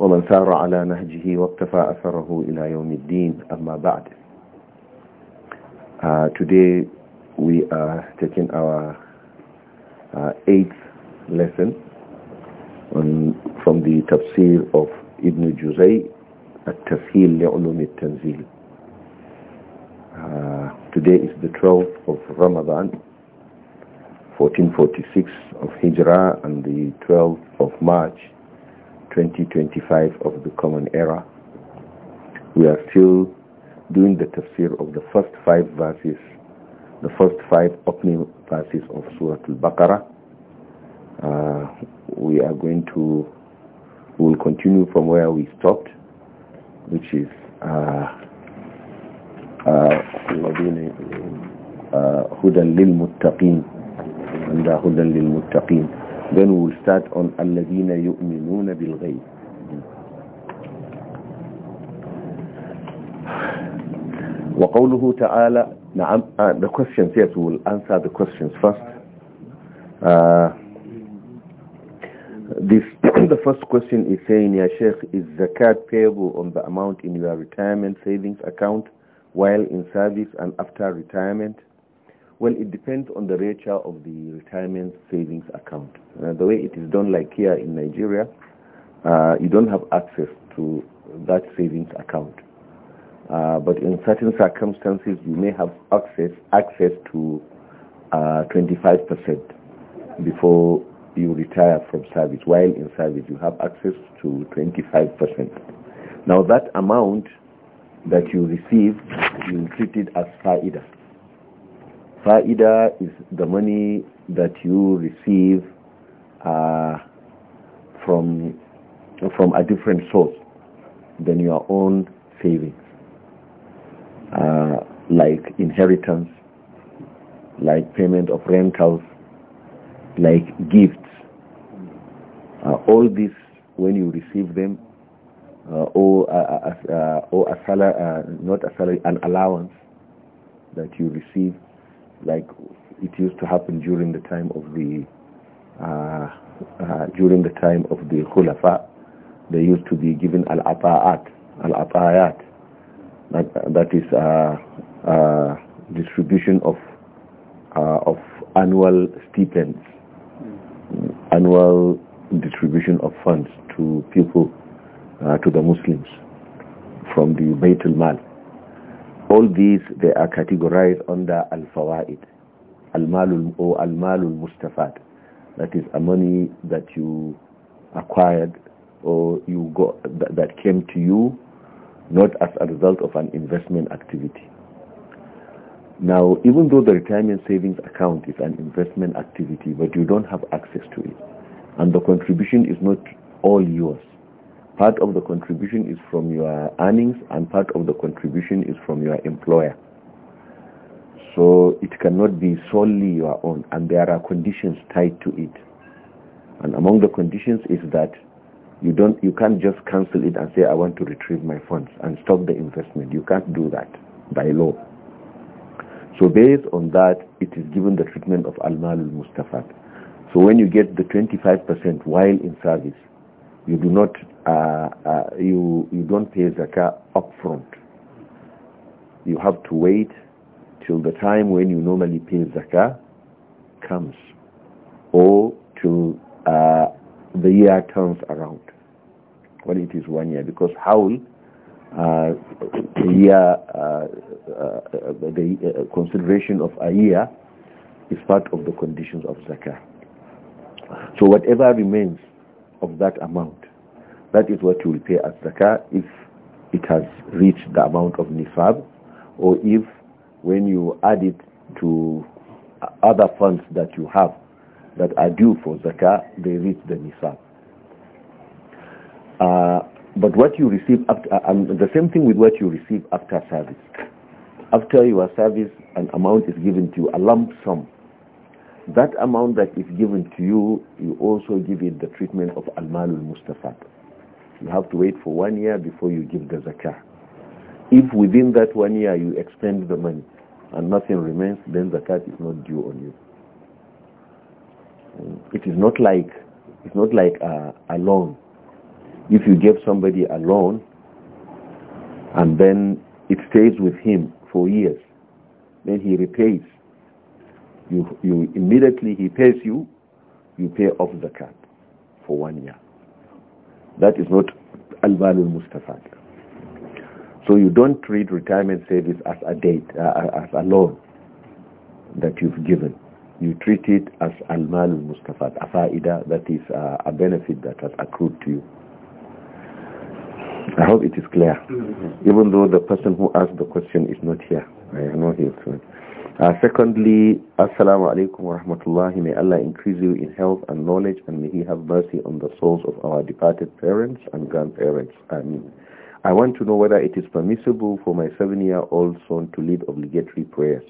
ومن سار على نهجه واقتفى أثره إلى يوم الدين أما بعد uh, Today we are taking our uh, eighth lesson on, from the tafsir of Ibn Juzay التسهيل لعلوم التنزيل Uh, today is the 12th of Ramadan, 1446 of Hijrah and the 12th of March, 2025 of the Common Era. We are still doing the tafsir of the first five verses, the first five opening verses of Surah Al-Baqarah. Uh, we are going to, we will continue from where we stopped, which is uh, uh, uh, lil-Muttaqin, للمتقين عند lil Muttaqin. Then we will start on الَّذِينَ يُؤْمِنُونَ بِالْغَيْبِ وقوله تعالى نعم uh, the questions yes we will answer the questions first uh, this the first question is saying ya sheikh is zakat payable on the amount in your retirement savings account while in service and after retirement well, it depends on the nature of the retirement savings account. Uh, the way it is done like here in Nigeria, uh, you don't have access to that savings account. Uh, but in certain circumstances, you may have access access to 25% uh, before you retire from service. While in service, you have access to 25%. Now, that amount that you receive, you treat it as faida. Fa'ida is the money that you receive uh, from, from a different source than your own savings, uh, like inheritance, like payment of rentals, like gifts. Uh, all these, when you receive them, uh, or, uh, uh, uh or a salary, uh, not a salary, an allowance that you receive, like it used to happen during the time of the uh, uh, during the time of the Khulafa, they used to be given al-ata'at, al-ata'at. That, that is uh, uh, distribution of uh, of annual stipends, annual distribution of funds to people, uh, to the Muslims from the Baytul Mal. All these, they are categorized under al-fawaid, al-malul or al-malul mustafad. That is a money that you acquired or you got, that came to you not as a result of an investment activity. Now, even though the retirement savings account is an investment activity, but you don't have access to it, and the contribution is not all yours, Part of the contribution is from your earnings and part of the contribution is from your employer. So it cannot be solely your own and there are conditions tied to it. And among the conditions is that you don't you can't just cancel it and say I want to retrieve my funds and stop the investment. You can't do that by law. So based on that, it is given the treatment of al-mal al So when you get the 25% while in service, you do not uh, uh, you you don't pay zakah upfront. You have to wait till the time when you normally pay zakah comes, or till uh, the year turns around when it is one year. Because how uh, the year uh, uh, the consideration of a year is part of the conditions of zakah. So whatever remains of that amount. That is what you will pay as zakah if it has reached the amount of nisab or if when you add it to other funds that you have that are due for zakah, they reach the nisab. Uh, but what you receive after, uh, and the same thing with what you receive after service. After your service, an amount is given to you, a lump sum that amount that is given to you, you also give it the treatment of Al-Malul Mustafad. You have to wait for one year before you give the zakah. If within that one year you expend the money and nothing remains, then zakat is not due on you. It is not like it's not like a, a loan. If you give somebody a loan and then it stays with him for years, then he repays you, you immediately he pays you, you pay off the card for one year. That is not al-balul mustafad. So you don't treat retirement savings as a date, uh, as a loan that you've given. You treat it as al-mal mustafad, a fa'ida, that is uh, a benefit that has accrued to you. I hope it is clear, mm -hmm. even though the person who asked the question is not here. I know not. is. Uh, secondly, Assalamu alaikum wa rahmatullahi. May Allah increase you in health and knowledge and may He have mercy on the souls of our departed parents and grandparents. Ameen. I want to know whether it is permissible for my seven-year-old son to lead obligatory prayers.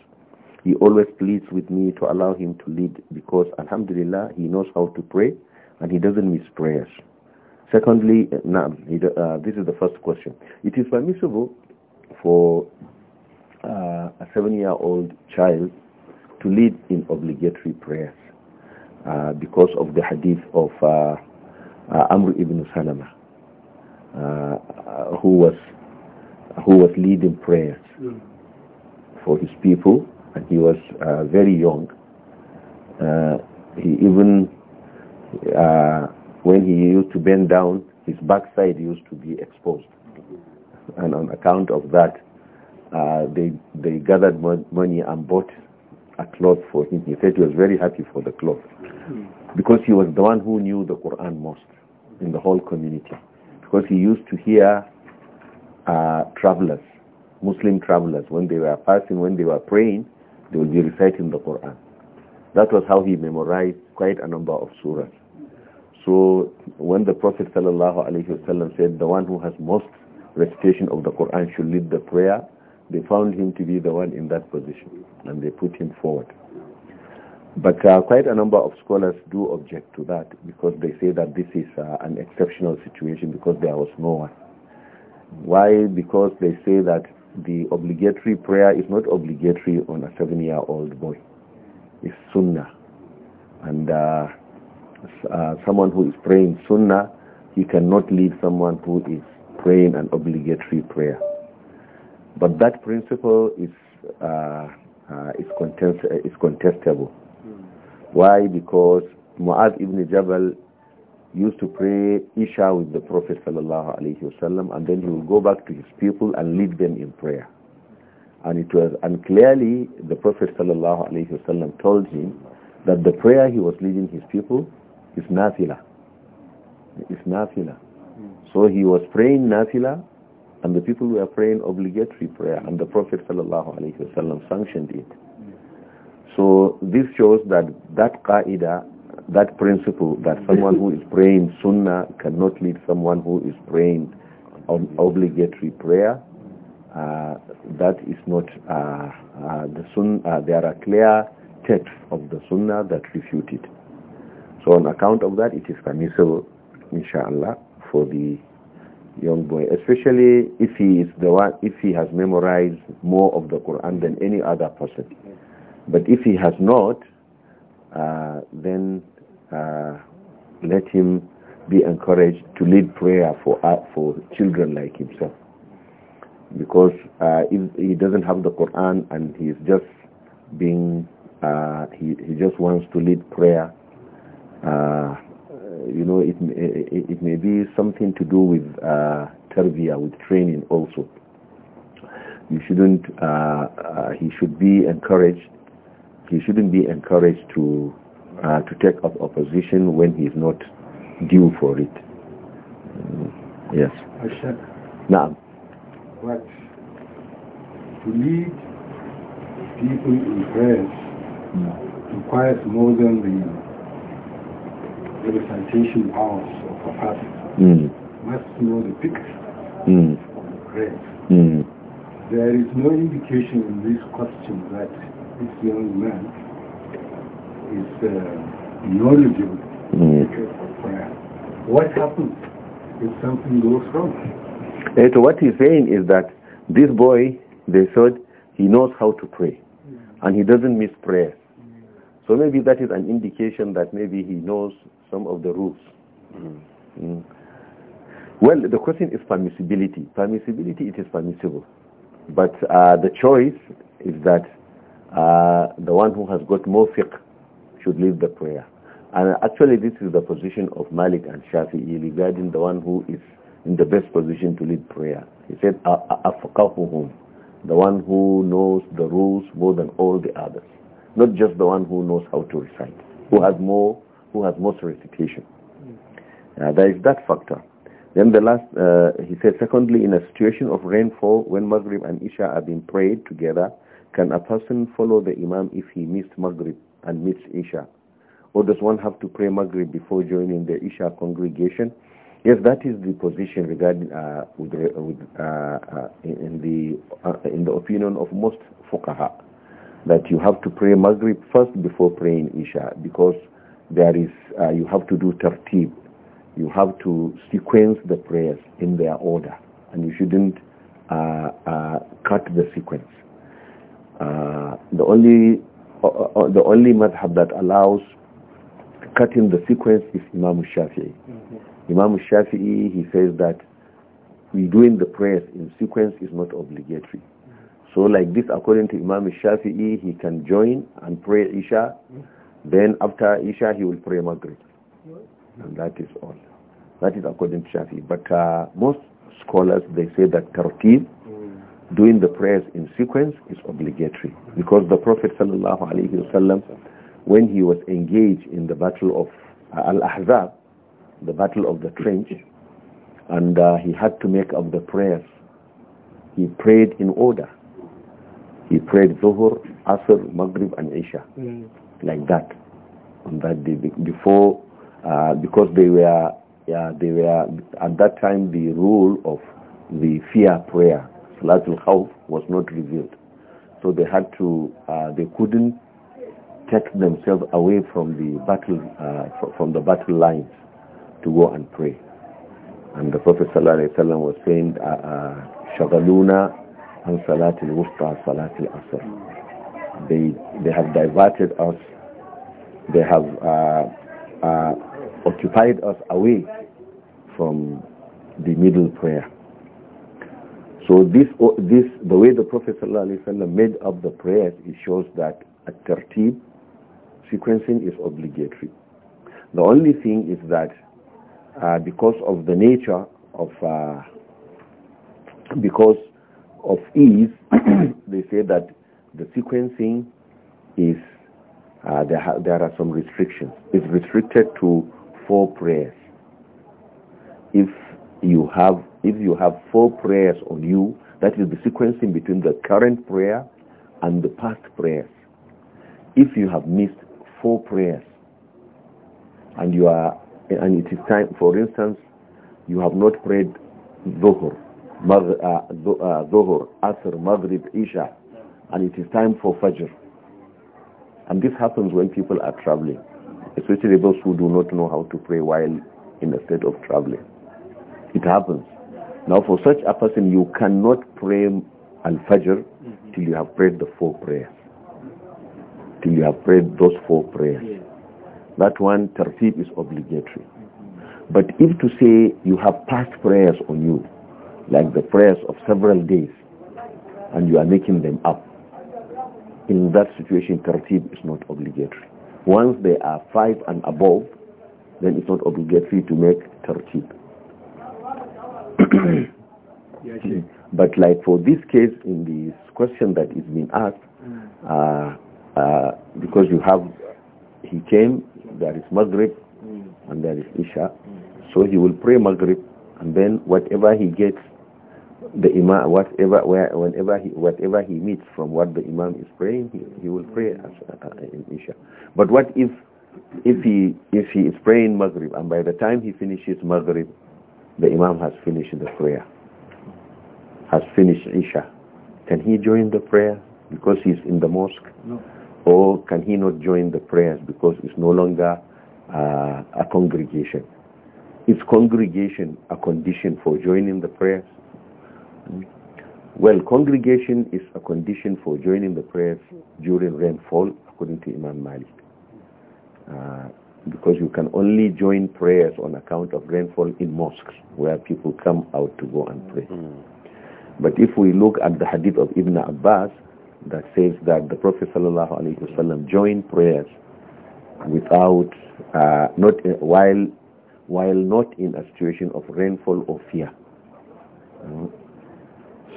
He always pleads with me to allow him to lead because, alhamdulillah, he knows how to pray and he doesn't miss prayers. Secondly, uh, uh this is the first question. It is permissible for uh, a seven-year-old child to lead in obligatory prayers uh, because of the hadith of uh, Amr ibn Salama, who was who was leading prayers mm. for his people, and he was uh, very young. Uh, he even, uh, when he used to bend down, his backside used to be exposed. And on account of that, uh, they, they gathered money and bought a cloth for him. He said he was very happy for the cloth because he was the one who knew the Quran most in the whole community because he used to hear uh, travelers, Muslim travelers, when they were passing, when they were praying, they would be reciting the Quran. That was how he memorized quite a number of surahs. So when the Prophet ﷺ said, the one who has most recitation of the Quran should lead the prayer, they found him to be the one in that position, and they put him forward. But uh, quite a number of scholars do object to that because they say that this is uh, an exceptional situation because there was no one. Why? Because they say that the obligatory prayer is not obligatory on a seven-year-old boy. It's sunnah. And uh, uh someone who is praying sunnah, he cannot leave someone who is praying an obligatory prayer. But that principle is, uh, uh, is, contest uh, is contestable. Mm. Why? Because Mu'adh ibn Jabal used to pray Isha with the Prophet sallallahu alaihi wasallam, and then he would go back to his people and lead them in prayer. And it was, and clearly the Prophet sallallahu alaihi wasallam told him that the prayer he was leading his people is nafila. It's nafila. Mm. So he was praying nafila and the people were praying obligatory prayer, and the Prophet ﷺ sanctioned it. So this shows that that qaida, that principle, that someone who is praying sunnah cannot lead someone who is praying obligatory prayer. Uh, that is not uh, uh, the sunnah. Uh, there are clear texts of the sunnah that refute it. So on account of that, it is permissible, inshallah, for the young boy, especially if he is the one, if he has memorized more of the Quran than any other person. But if he has not, uh, then uh, let him be encouraged to lead prayer for uh, for children like himself, because uh, if he doesn't have the Quran and he's just being uh, he he just wants to lead prayer. Uh, you know, it, it, it may be something to do with uh, tervia, with training also. You shouldn't, uh, uh, he should be encouraged, he shouldn't be encouraged to, uh, to take up opposition when he is not due for it. Mm. Yes. Now. But to lead people in prayers requires mm. more than the the recitation of a person mm. must know the picture mm. of the grave. Mm. There is no indication in this question that this young man is uh, knowledgeable mm. for prayer. What happens if something goes wrong? And eh, so what he's saying is that this boy, they thought, he knows how to pray. And he doesn't miss prayer. So maybe that is an indication that maybe he knows some of the rules. Mm. Mm. Well, the question is permissibility. Permissibility, it is permissible. But uh, the choice is that uh, the one who has got more fiqh should leave the prayer. And actually this is the position of Malik and Shafi'i regarding the one who is in the best position to lead prayer. He said, أَفْقَهُهُمْ The one who knows the rules more than all the others. Not just the one who knows how to recite, who has more who has lost recitation. Uh, there is that factor. Then the last, uh, he said, secondly, in a situation of rainfall, when Maghrib and Isha are being prayed together, can a person follow the Imam if he missed Maghrib and missed Isha? Or does one have to pray Maghrib before joining the Isha congregation? Yes, that is the position regarding uh, with, with, uh, uh, in the uh, in the opinion of most fuqaha that you have to pray Maghrib first before praying Isha because there is, uh, you have to do tartib. You have to sequence the prayers in their order. And you shouldn't uh, uh, cut the sequence. Uh, the only uh, uh, the only madhab that allows cutting the sequence is Imam Shafi'i. Mm -hmm. Imam Shafi'i, he says that doing the prayers in sequence is not obligatory. Mm -hmm. So like this, according to Imam Shafi'i, he can join and pray Isha mm -hmm. Then after Isha, he will pray Maghrib. And that is all. That is according to Shafi. But uh, most scholars, they say that Tarqib, doing the prayers in sequence, is obligatory. Because the Prophet wasallam, when he was engaged in the battle of uh, Al-Ahzab, the battle of the trench, and uh, he had to make up the prayers. He prayed in order. He prayed Zuhur, Asr, Maghrib, and Isha. Mm like that on that day before uh, because they were yeah, they were at that time the rule of the fear prayer salatul khawf was not revealed so they had to uh, they couldn't take themselves away from the battle uh, from the battle lines to go and pray and the prophet sallallahu alaihi wasallam was saying uh, uh, shagaluna and salatul wusta salatul asr they they have diverted us they have uh, uh, occupied us away from the middle prayer. So this, this, the way the Prophet ﷺ made up the prayers, it shows that a tertib, sequencing is obligatory. The only thing is that uh, because of the nature of, uh, because of ease, they say that the sequencing is uh, there, there are some restrictions. It's restricted to four prayers. If you have if you have four prayers on you, that is the sequencing between the current prayer and the past prayers. If you have missed four prayers and you are and it is time, for instance, you have not prayed Zohor, Magh, uh, uh Asr, Maghrib, Isha, and it is time for Fajr and this happens when people are traveling, especially those who do not know how to pray while in a state of traveling. It happens. Now for such a person, you cannot pray Al-Fajr mm -hmm. till you have prayed the four prayers. Till you have prayed those four prayers. Yeah. That one, tartib is obligatory. Mm -hmm. But if to say you have past prayers on you, like the prayers of several days, and you are making them up, in that situation tartib is not obligatory. Once they are five and above, then it's not obligatory to make tartib. but like for this case, in this question that is being asked, mm. uh, uh, because you have, he came, there is Maghrib mm. and there is Isha, mm. so he will pray Maghrib and then whatever he gets the imam whatever where, whenever he whatever he meets from what the imam is praying he, he will pray as, uh, uh, in isha but what if if he if he is praying maghrib and by the time he finishes maghrib the imam has finished the prayer has finished isha can he join the prayer because he's in the mosque no. or can he not join the prayers because it's no longer uh, a congregation is congregation a condition for joining the prayers well, congregation is a condition for joining the prayers during rainfall, according to Imam Malik. Uh, because you can only join prayers on account of rainfall in mosques, where people come out to go and pray. Mm. But if we look at the hadith of Ibn Abbas, that says that the Prophet ﷺ joined prayers without, uh, not uh, while, while not in a situation of rainfall or fear. Mm.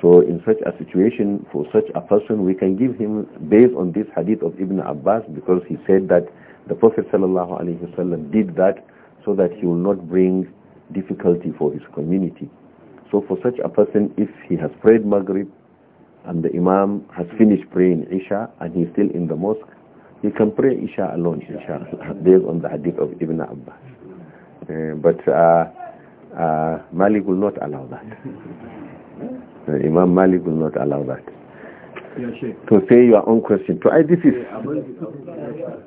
So in such a situation, for such a person, we can give him, based on this hadith of Ibn Abbas, because he said that the Prophet ﷺ did that so that he will not bring difficulty for his community. So for such a person, if he has prayed Maghrib and the Imam has finished praying Isha and he's still in the mosque, he can pray Isha alone, inshallah, based on the hadith of Ibn Abbas. Uh, but uh, uh, Malik will not allow that. Uh, Imam Malik will not allow that. To say your own question. To, I, this is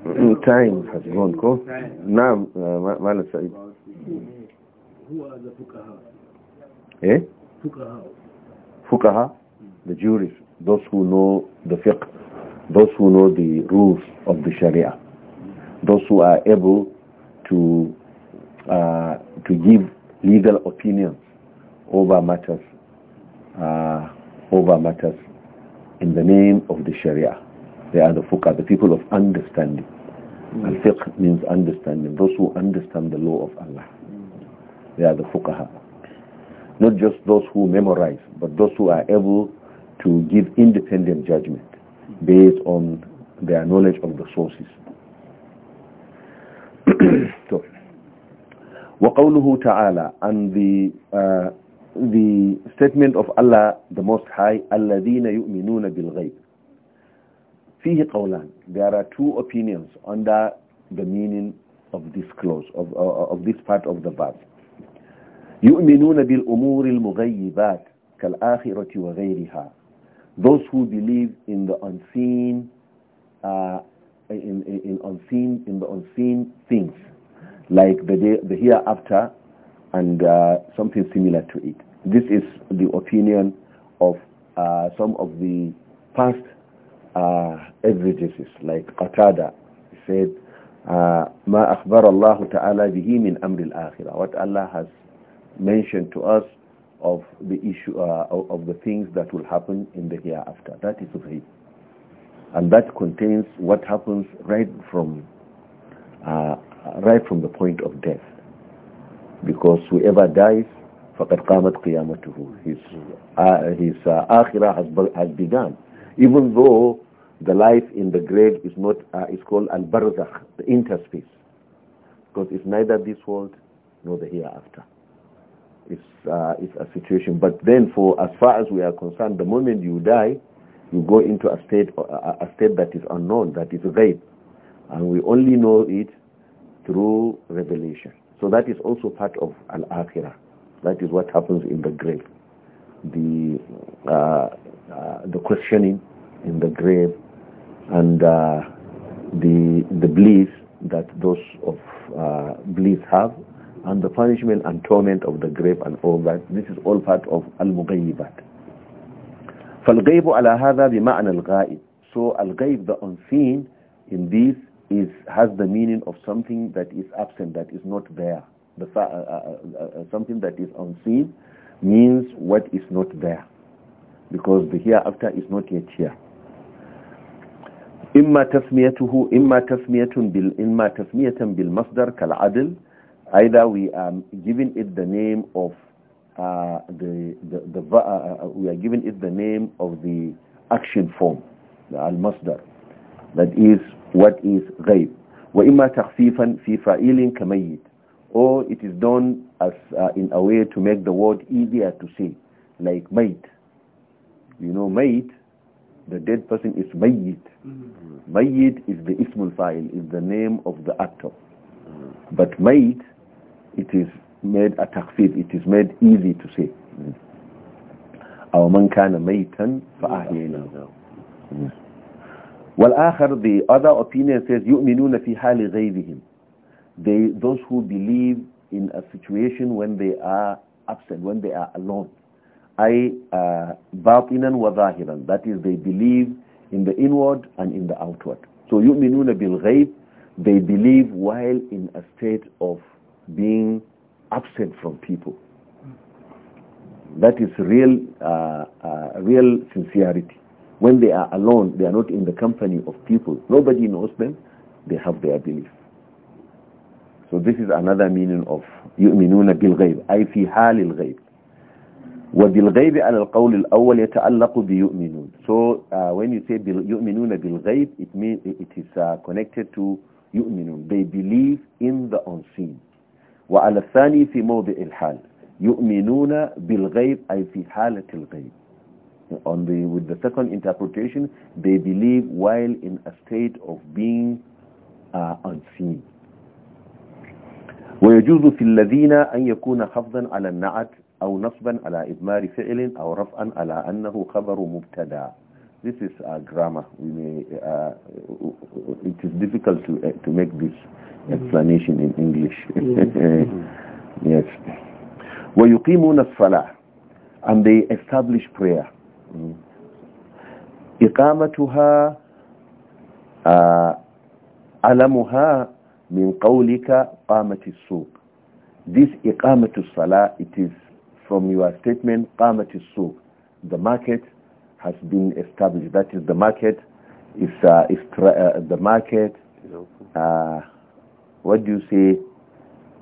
mm, time has gone. Go. Now, uh, Malam Who are the fukaha? Eh? Fukaha. Fukaha, the jurists, those who know the fiqh, those who know the rules of the sharia, those who are able to uh, to give legal opinions over matters uh, over matters in the name of the Sharia. They are the fuqah, the people of understanding. Mm. And fiqh means understanding, those who understand the law of Allah. Mm. They are the fuqaha. Not just those who memorize, but those who are able to give independent judgment based on their knowledge of the sources. وقوله تعالى and the uh, the statement of Allah the Most High الَّذِينَ يُؤْمِنُونَ بِالْغَيْبِ فيه قولان there are two opinions under the meaning of this clause of, uh, of this part of the verse يُؤْمِنُونَ بِالْأُمُورِ الْمُغَيِّبَاتِ كَالْآخِرَةِ وَغَيْرِهَا those who believe in the unseen uh, in, in, in, unseen in the unseen things like the day, the hereafter and uh, something similar to it this is the opinion of uh, some of the past uh, evidences, like Qatada said, ما أخبر الله تعالى به من أمر الآخرة What Allah has mentioned to us of the issue uh, of the things that will happen in the hereafter. That is him And that contains what happens right from uh, right from the point of death. Because whoever dies فَقَدْ قَامَتْ قِيَامَتُهُ His, uh, his uh, akhirah has, begun. Even though the life in the grave is not, uh, is called al-barzakh, the interspace. Because it's neither this world nor the hereafter. It's, uh, it's a situation. But then for as far as we are concerned, the moment you die, you go into a state, a, uh, a state that is unknown, that is vague. And we only know it through revelation. So that is also part of al-akhirah. That is what happens in the grave. The, uh, uh, the questioning in the grave and uh, the, the belief that those of uh, belief have and the punishment and torment of the grave and all that. This is all part of al-mughayyibat. فالغيب على هذا بمعنى الغائب. So al-ghaib, the unseen, in this is has the meaning of something that is absent, that is not there the, uh, uh, uh, uh, something that is unseen means what is not there because the hereafter is not yet here إما تسميته إما تسمية بال إما تسمية بالمصدر كالعدل either we are giving it the name of uh, the the, the uh, we are giving it the name of the action form that is what is غيب وإما تخفيفا في فاعل كميت or it is done as uh, in a way to make the word easier to say, like mate. You know, mate, the dead person is mayit. Mm -hmm. Mayit is the ismul fa'il, is the name of the actor. Mm -hmm. But mate, it is made a takfif, it is made easy to say. أو من كان ميتا فأحييناه. والآخر the other opinion says يؤمنون في حال غيرهم they, those who believe in a situation when they are absent, when they are alone. I uh, batinan wa zahiran. That is, they believe in the inward and in the outward. So yu'minuna bil ghayb, they believe while in a state of being absent from people. That is real, uh, uh, real sincerity. When they are alone, they are not in the company of people. Nobody knows them. They have their belief. So this is another meaning of يؤمنون بالغيب أي في حال الغيب وبالغيب على القول الأول يتعلق بيؤمنون So uh, when you say يؤمنون بالغيب it means it is uh, connected to يؤمنون They believe in the unseen وعلى الثاني في موضع الحال يؤمنون بالغيب أي في حالة الغيب on the with the second interpretation they believe while in a state of being uh, unseen ويجوز في الذين أن يكون خفضا على النعت أو نصبا على إضمار فعل أو رفعا على أنه خبر مبتدا This is a grammar. We may, uh, it is difficult to, uh, to make this explanation in English. yes. ويقيمون الصلاة and they establish prayer. إقامتها uh, علمها min qawlika qamati suq this iqamatu salah it is from your statement qamati suq the market has been established that is the market is uh, is uh, the market uh, what do you say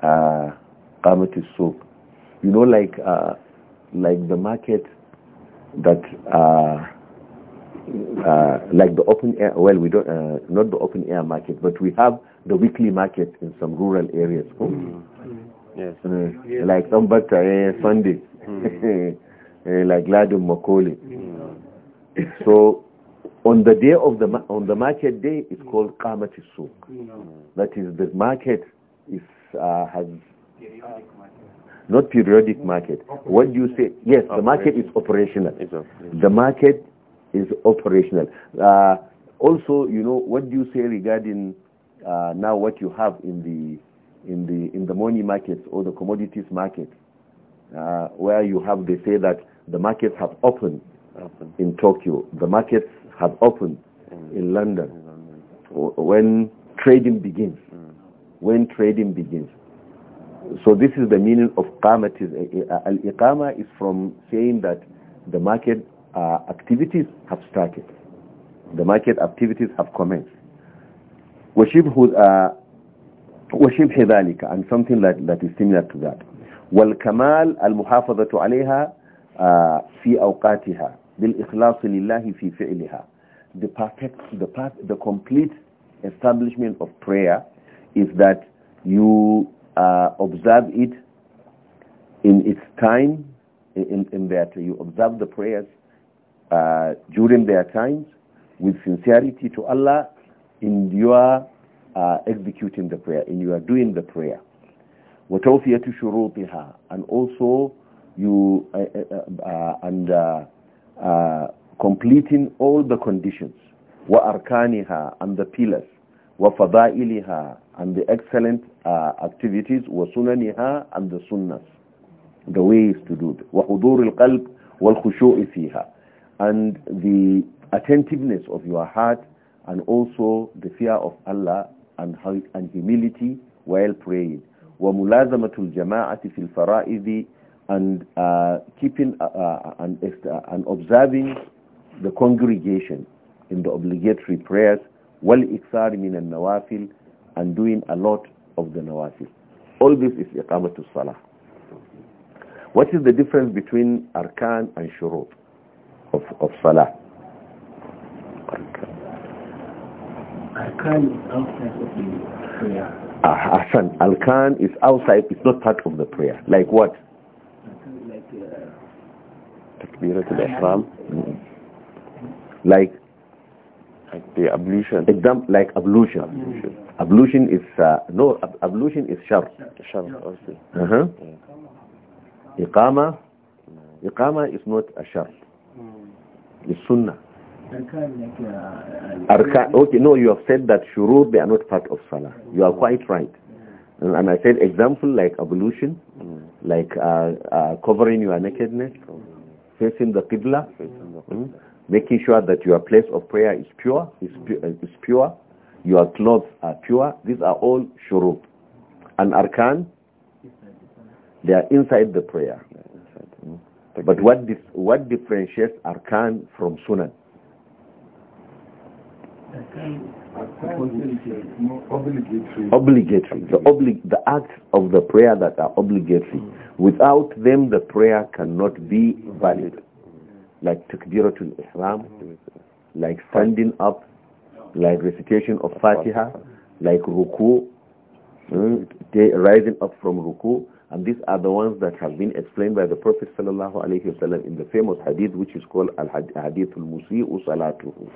uh, qamati uh, suq you know like uh, like the market that uh, like the open air well we don't not the open air market but we have the weekly market in some rural areas. Mm. Yes. Uh, yes. Like Umbata, eh, Sunday, mm. like Ladum Makoli. Mm. So on the day of the on the market day, it's hmm. called Kamati Souk. That is, the market is uh, has periodic not periodic market. What do you say? Yes, the market is operational. operational. The market is operational. Uh, also, you know, what do you say regarding uh, now what you have in the in the in the money markets or the commodities market, uh, where you have they say that the markets have opened Open. in Tokyo, the markets have opened in, in London. In London. When trading begins, mm. when trading begins. So this is the meaning of uh, uh, uh, al-iqama is from saying that the market uh, activities have started. The market activities have commenced. وشبه وشبه ذلك and something that, that is similar to that والكمال المحافظة عليها في أوقاتها بالإخلاص لله في فعلها the perfect the the complete establishment of prayer is that you uh, observe it in its time in, in that you observe the prayers uh, during their times with sincerity to Allah in your uh, executing the prayer, in your doing the prayer. وَتَوْفِيَةُ شُرُوطِهَا And also you, uh, uh, uh, uh and uh, completing all the conditions. وَأَرْكَانِهَا And the pillars. وَفَضَائِلِهَا And the excellent activities. وَسُنَنِهَا And the sunnas. The ways to do it. وَحُضُورِ الْقَلْبِ وَالْخُشُوءِ فِيهَا And the attentiveness of your heart and also the fear of Allah and, and humility while praying. وَمُلَازَمَةُ الْجَمَاعَةِ فِي الْفَرَائِضِ and uh, keeping uh, uh and, uh, and observing the congregation in the obligatory prayers والإكثار من النوافل and doing a lot of the nawafil. All this is to salah. What is the difference between arkan and shurut of, of salah? Arkan. Alkan is outside of the prayer. Ah, Hassan, Alkan is outside, it's not part of the prayer. Like what? Like uh, Takbirat al-Ihram. Mm-hmm. Like? Like the ablution. Example, like ablution. Ablution, ablution is, uh, no, ab ablution is shar. Shar, also. Uh-huh. Iqama. Iqama is not a shar. Mm. It's sunnah. Arkan, okay, no, you have said that shurur, they are not part of salah. You are quite right. And, and I said example like ablution, like uh, uh, covering your nakedness, facing the qibla, mm, making sure that your place of prayer is pure, is, pu uh, is pure, your clothes are pure. These are all shurub. And arkan, they are inside the prayer. Hmm. But what, dif what differentiates arkan from sunnah? obligatory. obligatory. The, obli- the acts of the prayer that are obligatory. Without them, the prayer cannot be valid. Like takbiratul ihram, like standing up, like recitation of Fatiha, like ruku, hmm, rising up from ruku. And these are the ones that have been explained by the Prophet sallallahu alaihi wasallam in the famous hadith which is called al-hadith al-musi'u salatuhu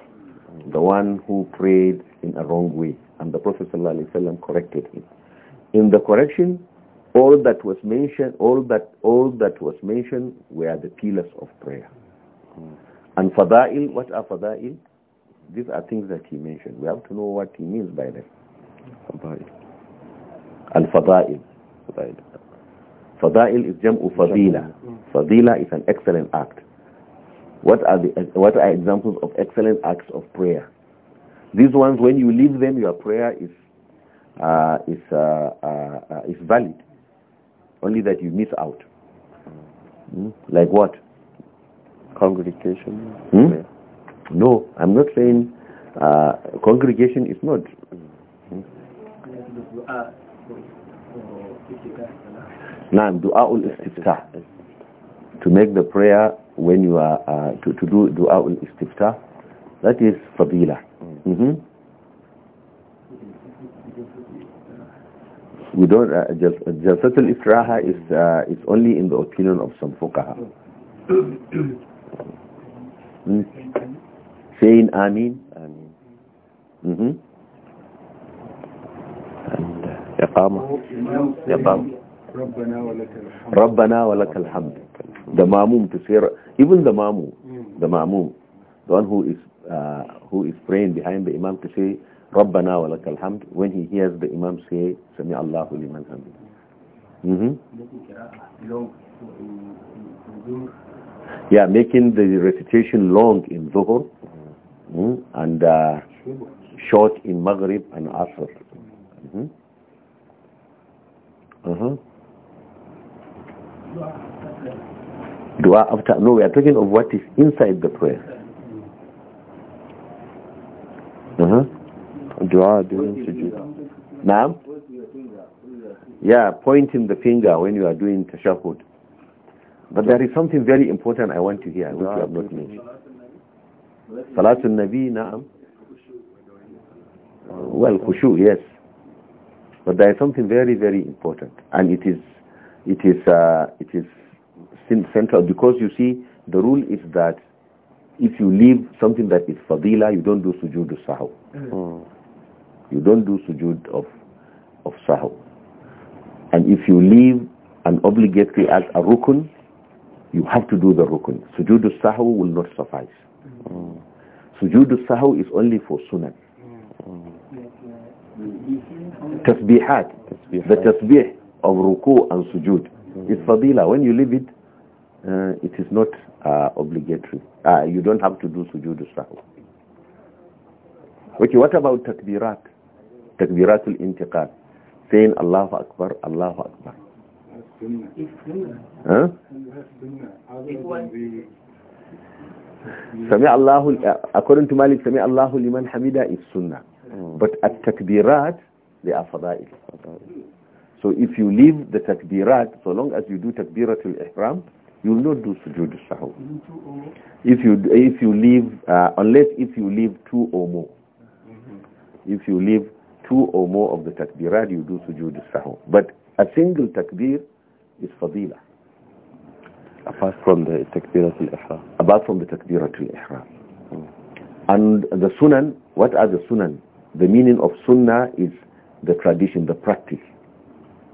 the one who prayed in a wrong way. And the Prophet ﷺ corrected him. In the correction, all that was mentioned, all that, all that was mentioned were the pillars of prayer. And fada'il, what are fada'il? These are things that he mentioned. We have to know what he means by them. Fada'il. fadail Fada'il. Fada'il is jam'u fadila. Fadila is an excellent act. What are, the, what are examples of excellent acts of prayer? These ones, when you leave them, your prayer is, uh, is, uh, uh, is valid. Only that you miss out. Hmm? Like what? Congregation. Hmm? Prayer. No, I'm not saying uh, congregation is not. Hmm? Now, dua ul istiftah. To make the prayer when you are uh, to, to do dua ul istifta that is fadila mm -hmm. we don't uh, just al istiraha is uh, is only in the opinion of some fuqaha mm. saying amin amin mm -hmm. and uh, iqama ربنا ولك الحمد ربنا ولك الحمد the mamum to say even the mamum hmm. the mamum the one who is uh, who is praying behind the imam to say rabbana wa lakal hamd when he hears the imam say sami allahu liman hamd mm -hmm. yeah making the recitation long in zohor mm, mm-hmm, and uh, short in maghrib and asr mm -hmm. uh -huh dua after no we are talking of what is inside the prayer uh-huh dua during sujood naam yeah pointing the finger when you are doing tashahhud but there is something very important I want to hear which you have not mentioned salatun nabi naam well khushu yes but there is something very very important and it is it is uh, it is central because you see the rule is that if you leave something that is fadila, you don't do sujud of sahu. Mm. You don't do sujud of, of sahu. And if you leave an obligatory as a rukun, you have to do the rukun. Sujud of sahu will not suffice. Mm. Sujud of sahu is only for sunnah. Mm. Tasbihat, the tasbih of ruku and sujud is fadila. When you leave it, uh, it is not uh, obligatory. Uh, you don't have to do sujood sahw. Okay, what about takbirat? Takbiratul intiqal. Saying Allahu Akbar, Allahu Akbar. Huh? Sami Allahu, uh, according to Malik, Sami Allahu liman hamida is sunnah. Hmm. But at takbirat, they are fada'il. So if you leave the takbirat, so long as you do takbiratul ihram, you will not do sujood sahu. If you if you leave uh, unless if you leave two or more. If you leave two or more of the takbirat, you do sujood sahu. But a single takbir is fadila. Apart from the takbiratul ihram. Apart from the takbiratul ihram. Mm. And the sunan, what are the sunan? The meaning of sunnah is the tradition, the practice.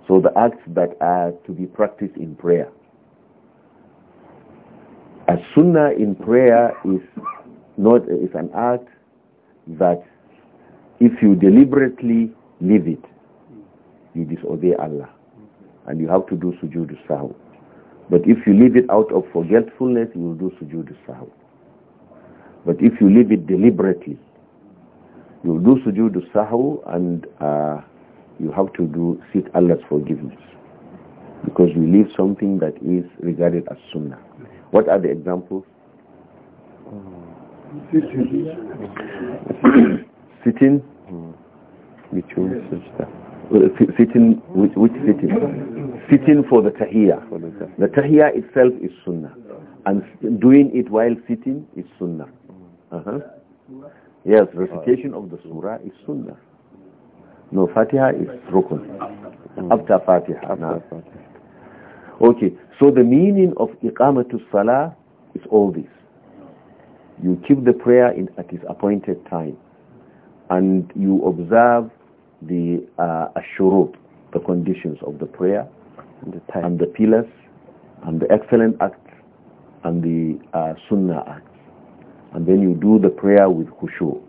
So the acts that are to be practiced in prayer. A sunnah in prayer is not is an act that if you deliberately leave it, you disobey Allah, and you have to do sujood sahu. But if you leave it out of forgetfulness, you will do sujood sahu. But if you leave it deliberately, you will do sujood sahu and uh, you have to do seek Allah's forgiveness because you leave something that is regarded as sunnah. What are the examples? sitting. Hmm. Which uh, sitting, which, which sitting? Sitting for the tahiyya. The tahiyya itself is sunnah. And doing it while sitting is sunnah. Uh -huh. Yes, recitation of the surah is sunnah. No, fatiha is broken. Hmm. After fatiha. After fatiha. Okay. So the meaning of Iqamatul salah is all this. You keep the prayer in, at its appointed time and you observe the uh, ashurut, the conditions of the prayer and the, and the, pillars and the excellent acts and the uh, sunnah acts. And then you do the prayer with khushu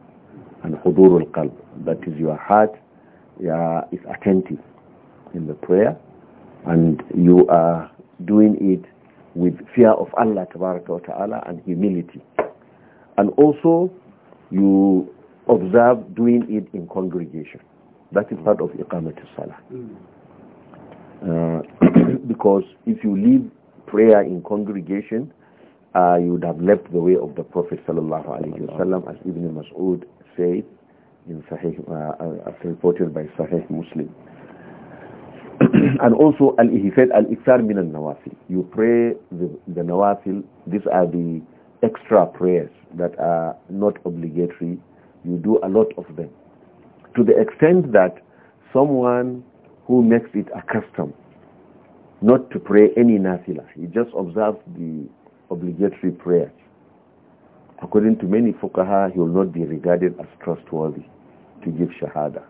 and hudur al-qalb. That is your heart uh, is attentive in the prayer and you are doing it with fear of Allah ta'ala and humility. And also, you observe doing it in congregation. That is part of Iqamat Salah. Uh, because if you leave prayer in congregation, uh, you would have left the way of the Prophet sallallahu alaihi wasallam, as Ibn Mas'ud said in Sahih, uh, as reported by Sahih Muslim and also he said, al-iktar min al-nawafil. You pray the, the nawafil. These are the extra prayers that are not obligatory. You do a lot of them. To the extent that someone who makes it a custom not to pray any nafila, he just observes the obligatory prayers. According to many fuqaha, he will not be regarded as trustworthy to give shahada.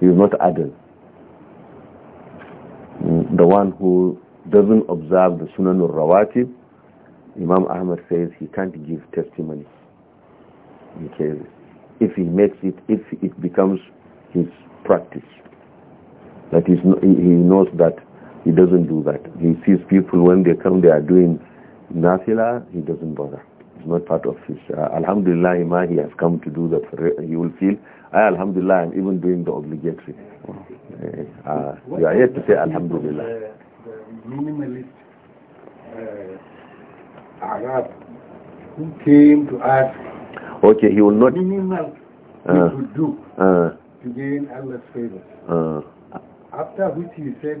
He is not adult one who doesn't observe the Sunan al-Rawatib, Imam Ahmad says he can't give testimony. Because If he makes it, if it becomes his practice, that is, he knows that he doesn't do that. He sees people when they come, they are doing nafila, he doesn't bother not part of his uh, alhamdulillah ma he has come to do that he will feel I alhamdulillah I'm even doing the obligatory uh, uh you are here to say alhamdulillah the, the minimalist uh, Arab who came to ask okay he will not minimal uh, to do uh, to gain Allah's favor uh. after which he said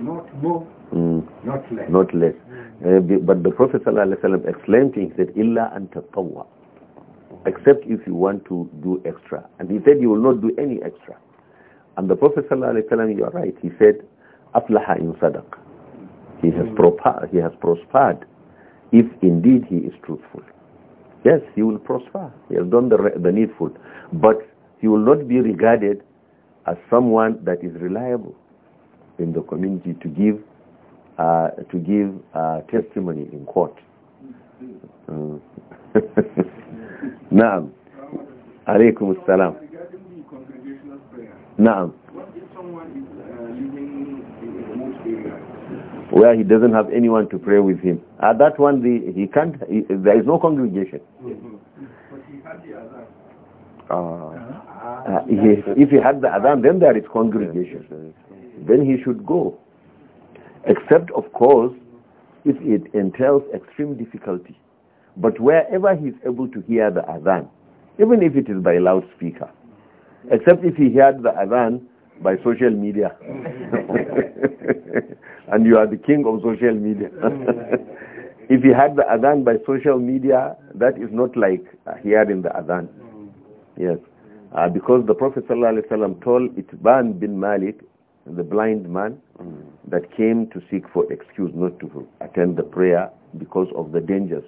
not more mm. Not less. Not less. Hmm. Uh, but the Prophet ﷺ explained to him, he said, Illa antatawwa. Except if you want to do extra. And he said, you will not do any extra. And the Prophet ﷺ, you are right, he said, Aflaha in sadaq. He has, hmm. he has prospered if indeed he is truthful. Yes, he will prosper. He has done the, the needful. But he will not be regarded as someone that is reliable in the community to give uh, to give uh, testimony in court. Mm. Naam. Alaykum assalam. Naam. Where he doesn't have anyone to pray with him. At uh, that one, the, he can't. He, there is no congregation. Uh, uh If he had the Adam, then there is congregation. Then he should go. Except, of course, if it entails extreme difficulty. But wherever he is able to hear the adhan, even if it is by loudspeaker, except if he heard the adhan by social media, and you are the king of social media. if he heard the adhan by social media, that is not like hearing the adhan. Yes. Uh, because the Prophet ﷺ told Itban bin Malik the blind man mm. that came to seek for excuse not to attend the prayer because of the dangers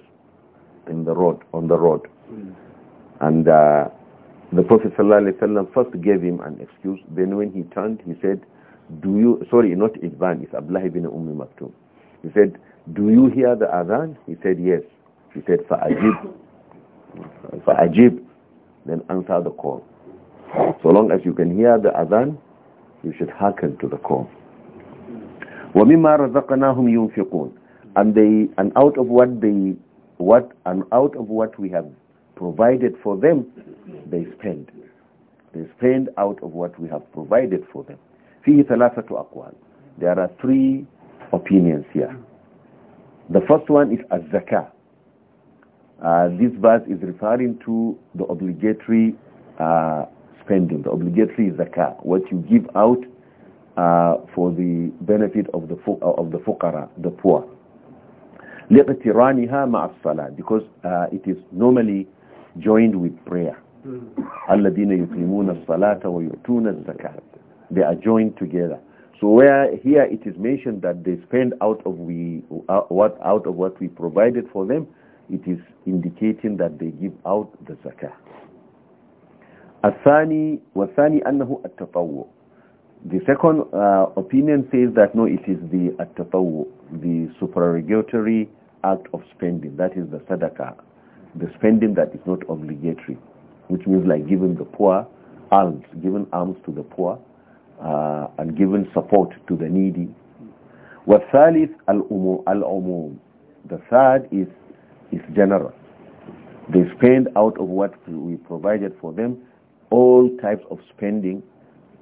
in the road on the road mm. and uh, the prophet sallallahu first gave him an excuse then when he turned he said do you sorry not Ibn it's Abdullah ibn Maktum he said do you hear the adhan he said yes he said for ajib, then answer the call so long as you can hear the adhan you should hearken to the call. وَمِمَّا رَزَقْنَاهُمْ يُنْفِقُونَ And they, and out of what they, what, and out of what we have provided for them, they spend. They spend out of what we have provided for them. فِيهِ ثَلَاثَةُ أَقْوَالٍ There are three opinions here. The first one is az-zakah. Uh, this verse is referring to the obligatory uh, spending, the obligatory zakah, what you give out uh, for the benefit of the uh, of the fuqara, the poor. لِقْتِرَانِهَا مَعَ الصَّلَاةِ Because uh, it is normally joined with prayer. Hmm. الَّذِينَ يُقِيمُونَ الصَّلَاةَ وَيُؤْتُونَ الزَّكَاةَ They are joined together. So where here it is mentioned that they spend out of we uh, what out of what we provided for them, it is indicating that they give out the zakah. The second uh, opinion says that no, it is the التطوع, uh, the supererogatory act of spending, that is the sadaqah, the spending that is not obligatory, which means like giving the poor alms, giving alms to the poor, uh, and giving support to the needy. al-umum, The third is, is general. They spend out of what we provided for them all types of spending,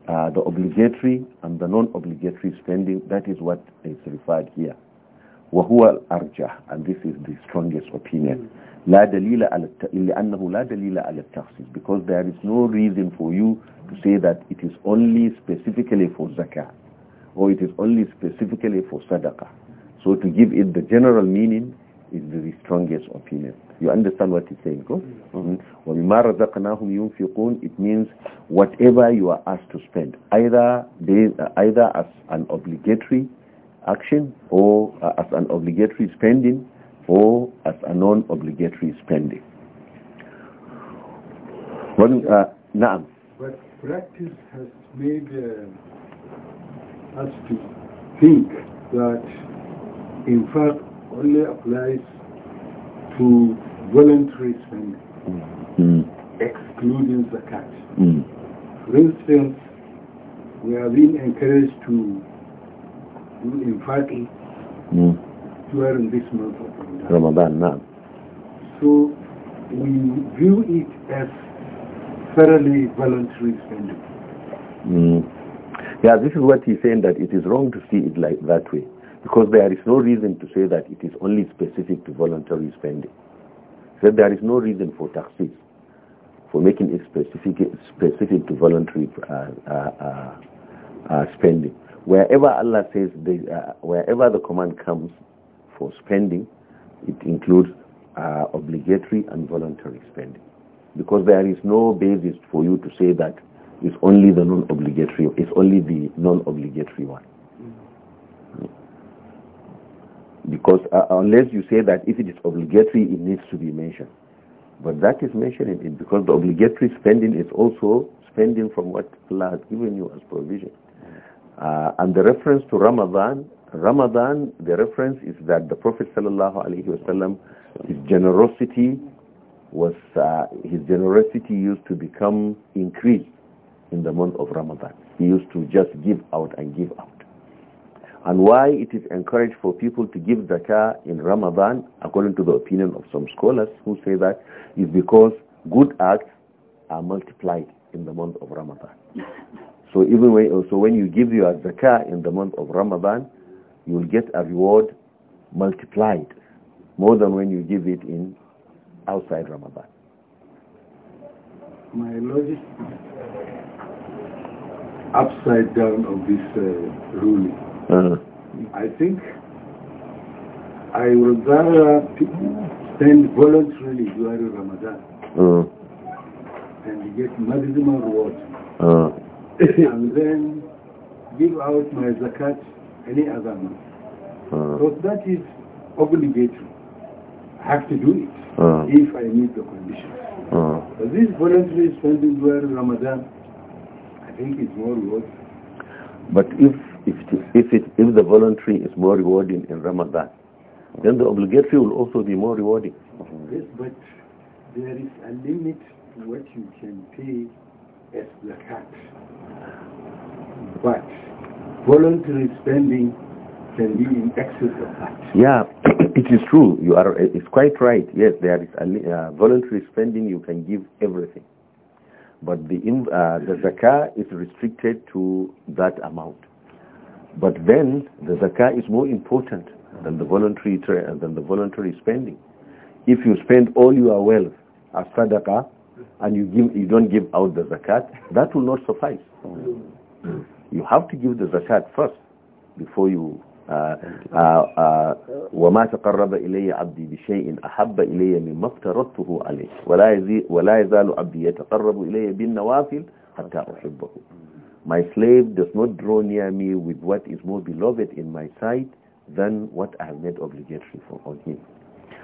uh, the obligatory and the non-obligatory spending, that is what is referred here. وهو الأرجح and this is the strongest opinion لا دليل على التخصيص because there is no reason for you to say that it is only specifically for zakah or it is only specifically for sadaqah so to give it the general meaning is the strongest opinion you understand what it's saying, go? Mm-hmm. وَمِمَا رَزَقْنَاهُمْ يُنْفِقُونَ It means whatever you are asked to spend, either uh, either as an obligatory action or uh, as an obligatory spending or as a non-obligatory spending. When, uh, na'am. But practice has made uh, us to think that in fact only applies to voluntary spending, mm. excluding zakat. Mm. For instance, we are being encouraged to do infaq mm. during this month of Ramadan. Ramadan no. So we view it as thoroughly voluntary spending. Mm. Yeah, this is what he's saying that it is wrong to see it like that way. Because there is no reason to say that it is only specific to voluntary spending. That there is no reason for taxes for making it specific, specific to voluntary uh, uh, uh, uh spending. Wherever Allah says, uh, wherever the command comes for spending, it includes uh, obligatory and voluntary spending. Because there is no basis for you to say that it's only the non-obligatory, it's only the non-obligatory one. Because uh, unless you say that if it is obligatory, it needs to be mentioned. But that is mentioning it because the obligatory spending is also spending from what Allah has given you as provision. Uh, and the reference to Ramadan, Ramadan, the reference is that the Prophet sallallahu alaihi wasallam, his generosity was uh, his generosity used to become increased in the month of Ramadan. He used to just give out and give out and why it is encouraged for people to give zakah in Ramadan, according to the opinion of some scholars who say that, is because good acts are multiplied in the month of Ramadan. So even when, so when you give your zakah in the month of Ramadan, you will get a reward multiplied more than when you give it in outside Ramadan. My logic upside down of this uh, ruling. Uh-huh. I think I would rather spend voluntarily during Ramadan uh. and get maximum reward. Uh. and then give out my zakat any other month. Because that is obligatory. I have to do it if I meet the conditions. But this voluntary spending during Ramadan, I think is more worth. But if if it, if it if the voluntary is more rewarding in Ramadan, then the obligatory will also be more rewarding. Yes, but there is a limit to what you can pay as zakat. But voluntary spending can be in excess of that. Yeah, it is true. You are. It's quite right. Yes, there is a, uh, voluntary spending. You can give everything, but the uh, the zakah is restricted to that amount. But then the zakah is more important than the voluntary than the voluntary spending. If you spend all your wealth as sadaqah and you give you don't give out the zakat, that will not suffice. You have to give the zakat first before you uh, uh, uh, وما تقرب إلي عبدي بشيء أحب إلي مما افترضته عليه ولا يزال عبدي يتقرب إلي بالنوافل حتى أحبه my slave does not draw near me with what is more beloved in my sight than what I have made obligatory for, on him.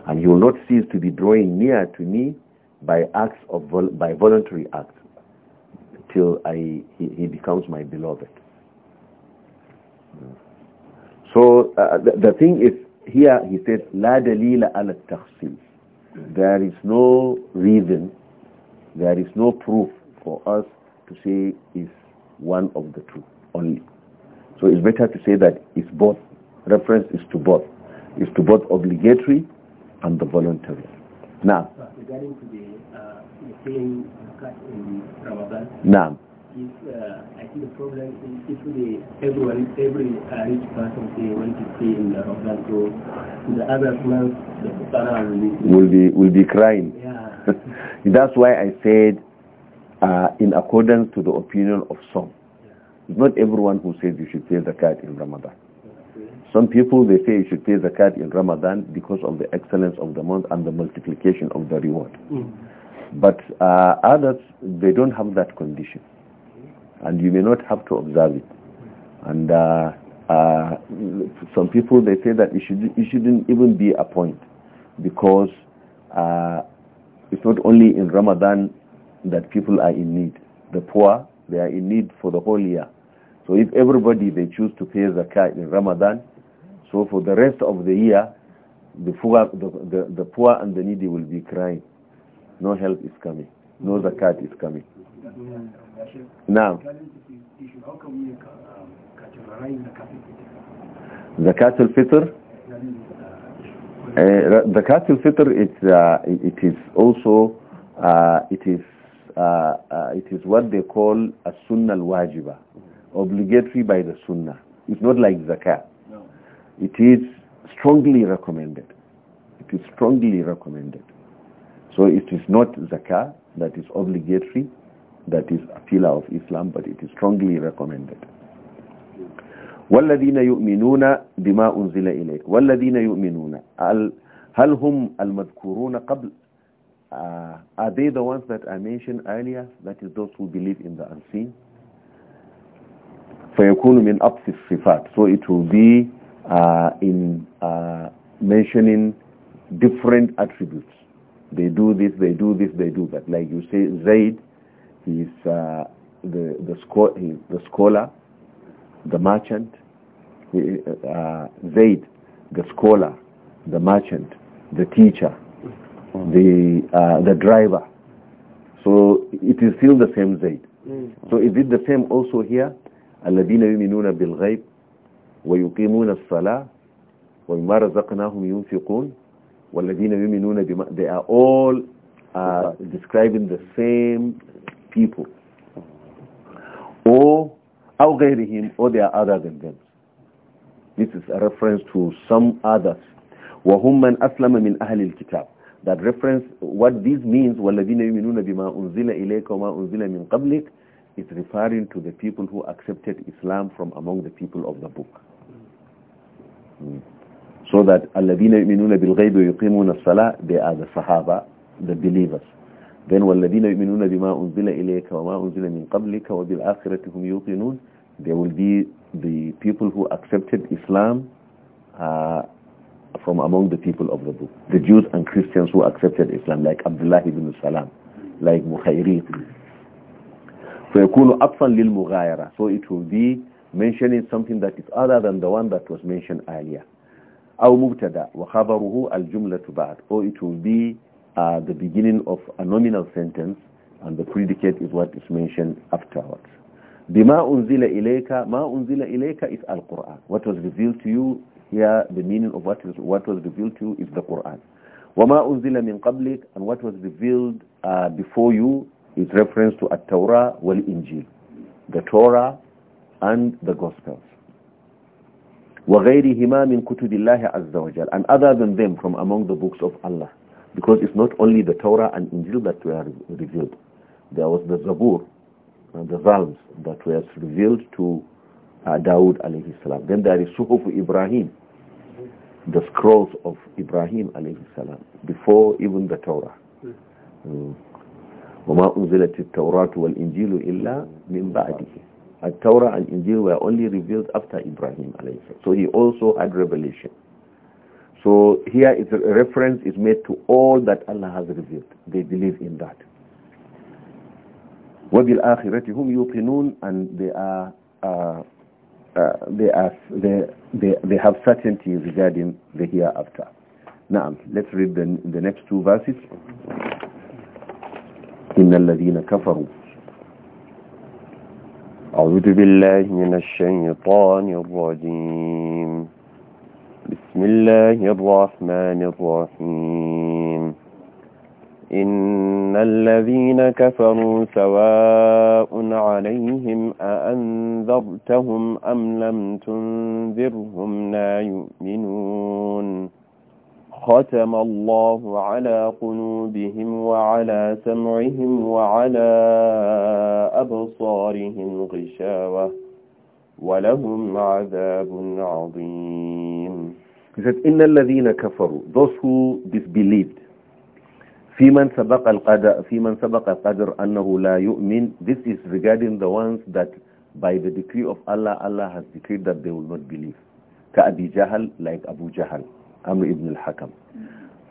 And he will not cease to be drawing near to me by acts of vol by voluntary acts till I he, he becomes my beloved. So uh, the, the, thing is here he says la dalila ala taqsim. There is no reason, there is no proof for us to say is one of the two only. So it's better to say that it's both. Reference is to both. It's to both obligatory and the voluntary. Now. regarding to the uh, cut in Ramadan. Now. Is, uh, I think the problem is if the, everyone, every uh, rich person say when to see in Ramadan, so the other months the Qur'an will be will be crying. Yeah. That's why I said uh, in accordance to the opinion of some. It's not everyone who says you should pay zakat in Ramadan. Some people, they say you should pay zakat in Ramadan because of the excellence of the month and the multiplication of the reward. Mm. But uh, others, they don't have that condition. And you may not have to observe it. And uh, uh, some people, they say that it, should, it shouldn't even be a point because uh, it's not only in Ramadan that people are in need. The poor, they are in need for the whole year. So if everybody, they choose to pay zakat in Ramadan, so for the rest of the year, the poor, the, the, the poor and the needy will be crying. No help is coming. No zakat is coming. Now, zakat al-fitr, uh, eh, zakat al-fitr, uh, it is also, uh, it is uh, uh, it is what they call a sunnah al-wajiba, obligatory by the sunnah. It's not like zakah. No. It is strongly recommended. It is strongly recommended. So it is not zakah that is obligatory, that is a pillar of Islam, but it is strongly recommended. والذين يؤمنون بما أنزل إليك والذين يؤمنون هل هم المذكورون قبل uh, are they the ones that I mentioned earlier? That is those who believe in the unseen. فَيَكُونُ مِنْ أَبْسِ الصِّفَاتِ So it will be uh, in uh, mentioning different attributes. They do this, they do this, they do that. Like you say, Zaid, he is uh, the, the, scho the scholar, the merchant. Uh, Zaid, the scholar, the merchant, the teacher, the uh, the driver. So it is still the same Zaid. Mm. So is it the same also here? الذين يؤمنون بالغيب ويقيمون الصلاة رزقناهم ينفقون والذين يؤمنون بما they are all uh, describing the same people or أو غيرهم or they are other than them this is a reference to some others وهم من أسلم من أهل الكتاب that reference what this means waladina yuminuna bima unzila ilayka wama unzila min qablik is referring to the people who accepted islam from among the people of the book hmm. so that alladina yuminuna bil ghaibi yuqimuna as-salah they are the sahaba the believers then waladina yuminuna bima unzila ilayka wama unzila min qablik wa bil akhirati hum yuqinun they will be the people who accepted islam uh, from among the people of the book. The Jews and Christians who accepted Islam, like Abdullah ibn Salam, like Mukhayri. فَيَكُونُ أَطْفًا لِلْمُغَايَرَةِ So it will be mentioning something that is other than the one that was mentioned earlier. أو وخبره الجملة بعد or it will be uh, the beginning of a nominal sentence and the predicate is what is mentioned afterwards بما أنزل إليك ما أنزل إليك is Al-Qur'an. what was revealed to you here, the meaning of what, is, what was revealed to you is the Quran. وَمَا أُنزِلَ مِن قَبْلِكَ And what was revealed uh, before you is reference to At-Tawrah wal-Injil, the Torah and the Gospels. وَغَيْرِهِمَا مِن كُتُبِ اللَّهِ عَزَّ وَجَلَ And other than them from among the books of Allah. Because it's not only the Torah and Injil that were revealed. There was the Zabur, and uh, the Psalms that were revealed to uh, Dawood alayhi salam. Then there is Suhuf Ibrahim, the scrolls of Ibrahim salam before even the Torah. Mm. وما أنزلت التوراة والإنجيل إلا من بعده. The Torah and Injil were only revealed after Ibrahim alayhi salam. So he also had revelation. So here it's a reference is made to all that Allah has revealed. They believe in that. وَبِالْآخِرَةِ هُمْ يُوقِنُونَ And they are uh, uh, they, are, they, they, they have certainty regarding the hereafter. Now, let's read the, the next two verses. إن الذين كفروا أعوذ بالله من الشيطان الرجيم بسم الله الرحمن الرحيم إن الذين كفروا سواء عليهم أأنذرتهم أم لم تنذرهم لا يؤمنون ختم الله على قلوبهم وعلى سمعهم وعلى أبصارهم غشاوة ولهم عذاب عظيم He said, إن الذين كفروا those who disbelieved في من سبق القدر في من سبق القدر أنه لا يؤمن this is regarding the ones that by the decree of Allah Allah has decreed that they will not believe كأبي جهل like أبو جهل أمر ابن الحكم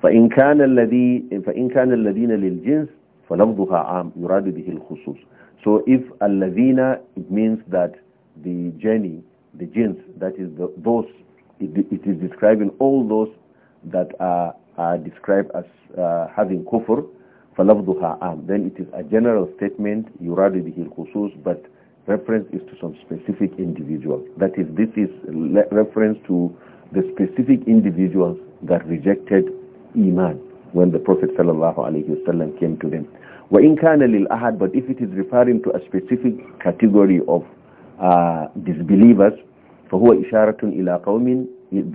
فإن كان الذي فإن كان الذين للجنس فلفظها عام يراد به الخصوص so if الذين it means that the journey the jinns that is the, those it, it is describing all those that are are uh, described as uh, having kufr, فَلَفْضُهَا am. Then it is a general statement, يُرَادِ بِهِ but reference is to some specific individual. That is, this is reference to the specific individuals that rejected Iman when the Prophet ﷺ came to them. وَإِنْ كَانَ ahad, But if it is referring to a specific category of uh, disbelievers, فَهُوَ إِشَارَةٌ إِلَىٰ قَوْمٍ so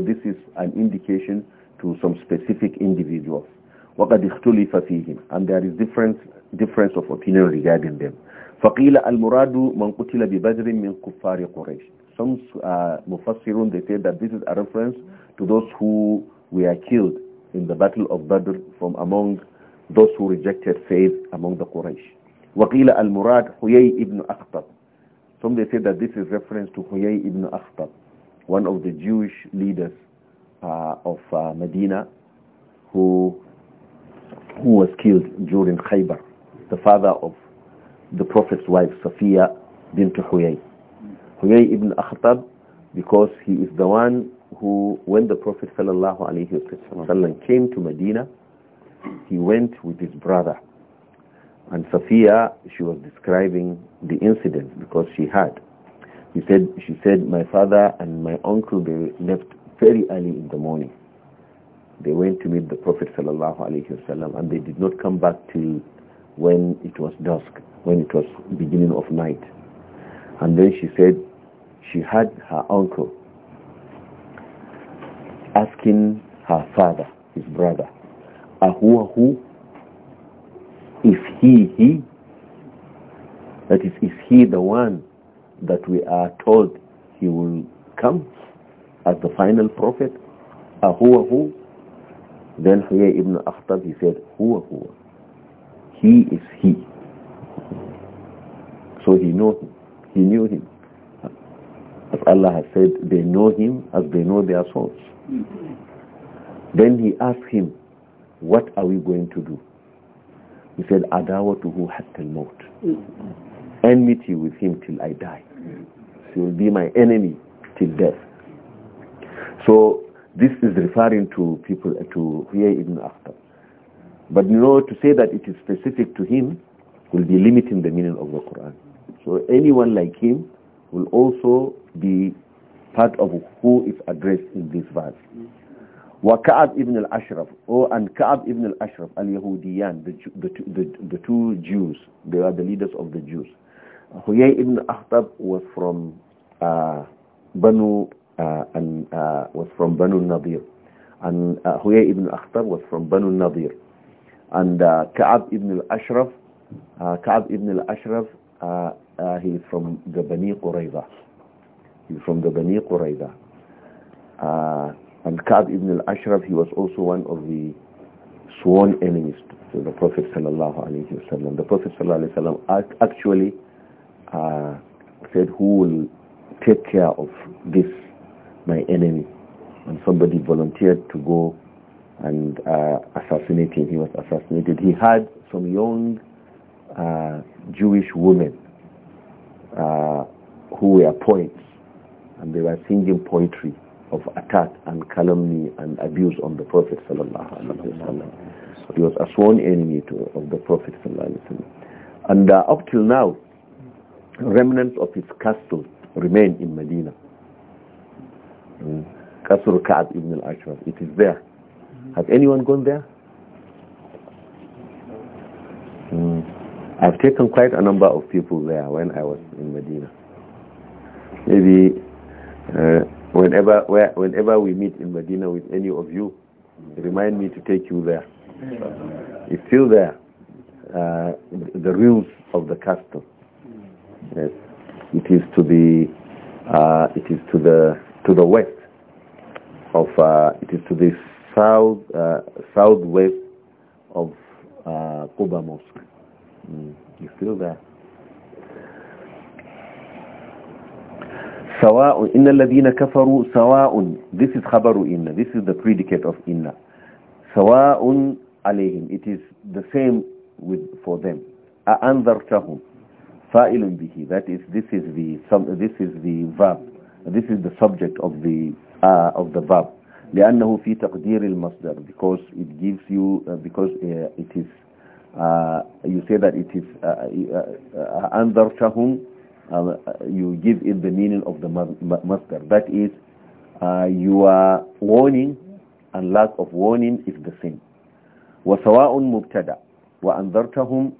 this is an indication to some specific individuals وقد اختلف فيهم and there is difference difference of opinion regarding them فقيل المراد من قتل ببدر من كفار قريش some uh, mufassirun they say that this is a reference to those who were killed in the battle of Badr from among those who rejected faith among the Quraysh وقيل المراد حيي ابن أخطب some they say that this is reference to Huyay ibn Akhtab, one of the Jewish leaders uh, of uh, Medina who, who was killed during Khaybar, the father of the Prophet's wife, Safiya bint Huyay. Huyay ibn Akhtab, because he is the one who, when the Prophet came to Medina, he went with his brother and Safiya, she was describing the incident because she had. She said, she said, my father and my uncle, they left very early in the morning. They went to meet the Prophet sallallahu alaihi wasallam, and they did not come back till when it was dusk, when it was beginning of night. And then she said, she had her uncle asking her father, his brother, Ahuahu if he, he, that is, is he the one that we are told he will come as the final prophet? Ahuwa Hu? Then he ibn Akhtab, he said, Huwa huwa. He is he. So he knew him. He knew him. As Allah has said, they know him as they know their souls. Then he asked him, what are we going to do? He said, Adawatuhu hatta al-maut. Enmity with him till I die. He will be my enemy till death. So this is referring to people, to here ibn after. But you know, to say that it is specific to him will be limiting the meaning of the Quran. So anyone like him will also be part of who is addressed in this verse. وكعب ابن الأشرف أو أن كعب ابن الأشرف اليهوديان the, the, the, the two Jews they are the leaders of the Jews Huyay ibn أخطب was from uh, Banu uh, and uh, was from Banu Nadir and uh, Huyay ibn أخطب was from Banu Nadir and uh, كعب ibn الأشرف uh, كعب ibn الأشرف uh, uh, he is from the Bani قريظة he is from the Bani قريظة uh, And Ka'b ibn al-Ashraf, he was also one of the sworn enemies to the Prophet sallallahu alaihi wasallam. The Prophet sallallahu alaihi wasallam actually uh, said, "Who will take care of this, my enemy?" And somebody volunteered to go and uh, assassinate him. He was assassinated. He had some young uh, Jewish women uh, who were poets, and they were singing poetry of attack and calumny and abuse on the Prophet sallallahu alaihi wasallam. He was a sworn enemy to, of the Prophet sallallahu alaihi wasallam. And uh, up till now, remnants of his castle remain in Medina. Mm. Castle Ka'ab ibn al-Ashwar. It is there. Has anyone gone there? Mm. I've taken quite a number of people there when I was in Medina. Maybe uh, whenever, where, whenever we meet in Medina with any of you, remind me to take you there. It's still there, uh, the ruins of the castle. Yes. It is to the, uh, it is to the, to the west of, uh, it is to the south, uh, southwest of uh, Quba Mosque. Mm. It's still there. سواء إن الذين كفروا سواء this is خبر إن this is the predicate of إن سواء عليهم it is the same with for them أأنذرتهم فائل به that is this is the this is the verb this is the subject of the uh, of the verb لأنه في تقدير المصدر because it gives you uh, because uh, it is uh, you say that it is uh, uh, أنذرتهم Uh, you give it the meaning of the master. That is, uh, your warning and lack of warning is the same. وسواء مبتدا وأنذرتهم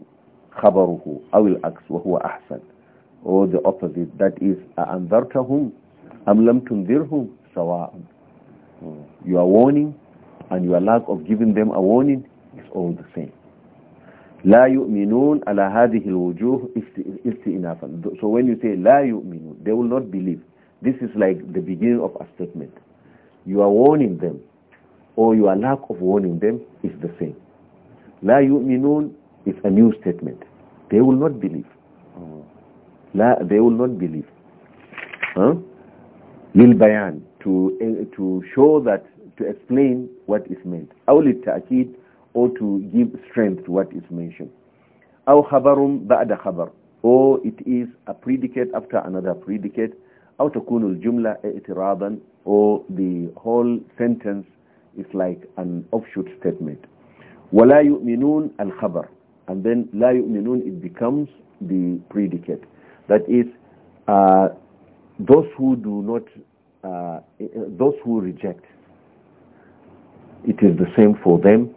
خبره أو العكس وهو أحسن or the opposite that is أنذرتهم أم لم تنذرهم سواء hmm. your warning and your lack of giving them a warning is all the same la minun ala hadhihi alwujuh inafan. so when you say la minun, they will not believe this is like the beginning of a statement you are warning them or your lack of warning them is the same la minun is a new statement they will not believe la, they will not believe huh? lil bayan to uh, to show that to explain what is meant aw lit or to give strength to what is mentioned. أو خبر بعد خبر or it is a predicate after another predicate أو تكون الجملة اعتراضا or the whole sentence is like an offshoot statement ولا يؤمنون الخبر and then لا يؤمنون it becomes the predicate that is uh, those who do not uh, those who reject it is the same for them